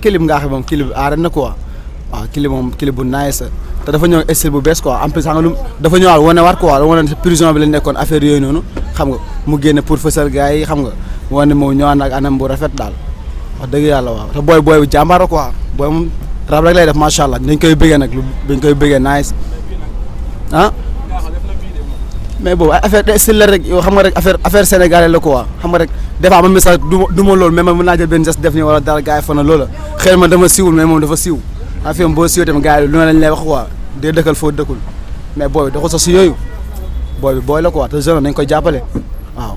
clip nga xam moom clip na quoi waaw clip moom clip bu nice te dafa ñëw style bu bees quoi en plus xam nga lu dafa ñëwaat wane war quoi prison bi lañ nekkoon affaire yooyu noonu xam nga mu génne pour fësal gars yi xam nga wane moom ñëwaat ak anam bu rafet daal wax dëgg yàlla waa te booy booy bu jàmbaaro quoi booy moom rab rek lay def macha allah dañ koy bëggee nag lu dañ koy bëggee nice ah. mais boobu ay affaire style la rek yow xam nga rek affaire affaire sénégalais la xam nga rek. des fois mi sax du ma du ma loolu mais man mën naa jël benn geste def nii wala dara gars fan na loola xëy na man dama siwul mais moom dafa siw affaire am boo siwee tamit gars yi lu ne lañ booy bi doxul sax si yooyu booy bi booy la quoi te jeune nañ ko jàppale waaw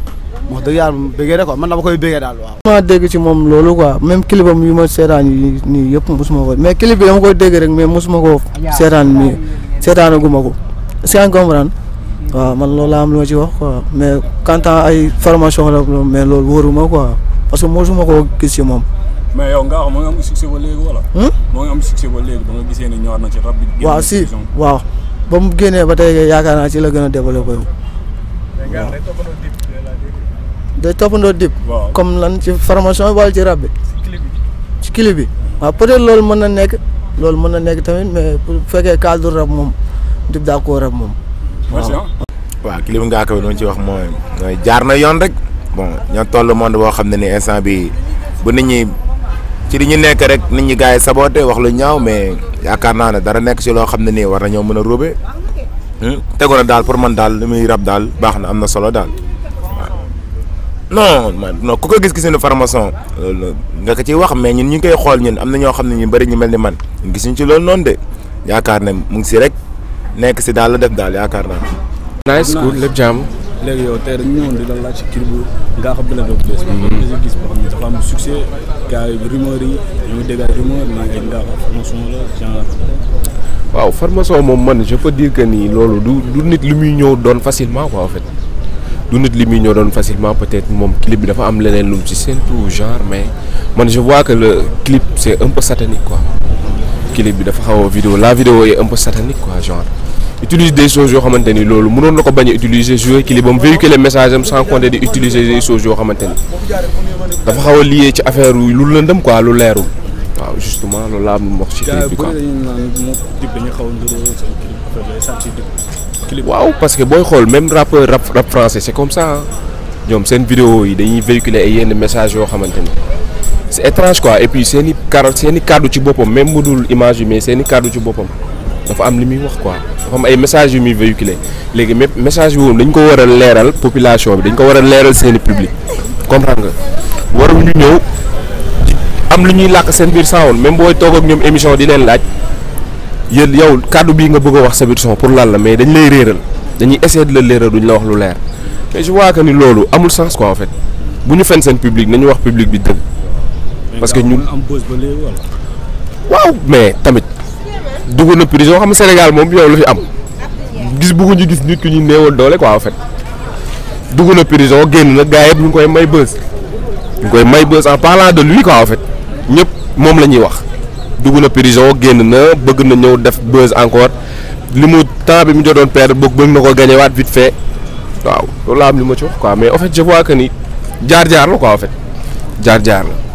wax dëgg yàlla bëggee de quoi man dama koy bëggee daal waaw. maa dégg ci moom loolu quoi même clipam yu ma seetaan yi nii yëpp mosuma ko mais clip bi dama koy dégg rek mais mosuma ko seetaan nii seetaanaguma ko est-ce waaw man loolu laa am lu ma ci wax quoi mais quant ay formation la mais loolu wóoruma quoi parce que mosuma koo gis ci moom. mais yow nga xam moo ngi am succès hmm? am succès ba léegi ba nga gisee ne ñëwaat na ci rab bi. waaw ba mu génnee ba tey yaakaar naa ci la gën a développé wu. waaw day toppandoo dip lan ci formation bi wala ci rab bi. ci clip être loolu mën na nekk loolu mën na nekk tamit mais bu fekkee cadre rab moom dib daa koo rab moom. merci waaw kilifa ngaa ko doon ci wax mooy mooy jaar na yoon rek bon ñoo toll monde boo xam ne ni instant bi bu nit ñi ci li ñu nekk rek nit ñi gars yi saboté wax lu ñaaw mais yaakaar naa ne dara nekk si loo xam ne nii war na ñoo mën a róobe hmm? tegu na daal pour man daal li muy rab daal baax na am na solo daal non man non ku ko gis-gis ne formation ci ko ciy wax mais ñun ñu ngi koy xool ñun am na ñoo xam ne ñu bari ñu mel ni man gisuñ ci loolu noonu de yaakaar ne mu ngi si rek nekk si daal la def daal yaakaar naa. nice cool lépp jàmm. léegi yow tey dañu ñëwoon di mhm. gis boo xam ne dafa am waaw formation moom man je peux dire que nii loolu du du nit li muy ñëw doon facilement quoi en fait du nit li muy ñëw doon facilement peut-être moom clip bi dafa am leneen lu mu ci seen tout genre mais man je vois que le clip c'est un peu satanique quoi. clip bi dafa xaw a la vidéo est un peu satanique quoi genre utilise des choses yoo xamante ni loolu mënoon na ko bañ a utiliser jouer clip bam véhiculer message am sans compter di utiliser des choses yoo xamante dafa xaw a lié ci affaire lu lëndëm quoi lu leerul waaw justement loolu laa am wax ci clip parce que booy xool même rappeur rap rap français c'est comme ça ñoom seen vidéo yi dañuy véhiculer ay yenn message yoo xamante ni c'est étrange quoi et puis seeni i seeni kàddu ci boppam même mu dul image yi mais seen kàddu ci boppam dafa am li muy wax quoi dafa am ay messages yu muy véhiculer léegi même message boobu dañ ko war a leeral population bi dañ ko war a leeral seen i public comprendre nga ñu ñëw am lu ñuy làkk seen biir saawoon même booy toog ak ñoom émission di leen laaj yéen yow kàddu bii nga bëgg a wax sa biir pour lan la mais dañ lay réeral dañuy essayer de la leeral la wax lu leer je vois que ni loolu amul sens quoi en fait bu ñu fen wax public bi dëgg. parce que ñun waaw mais tamit dugg na prison xam Sénégal moom yow la fi am gis bëggu ñu gis nit ku ñu néewal doole ko en fait dugg na prison génn na gars yëpp ñu koy may bës ñu koy may bës en parlant de lui quoi en fait ñëpp moom la ñuy wax dugg na prison génn na bëgg na ñëw def bës encore li mu temps bi mu jotoon perdre bëgg bëgg na ko gagné waat vite fait waaw loolu laa am li ma ci wax quoi mais en fait je que ni jaar-jaar la quoi en fait jaar-jaar la.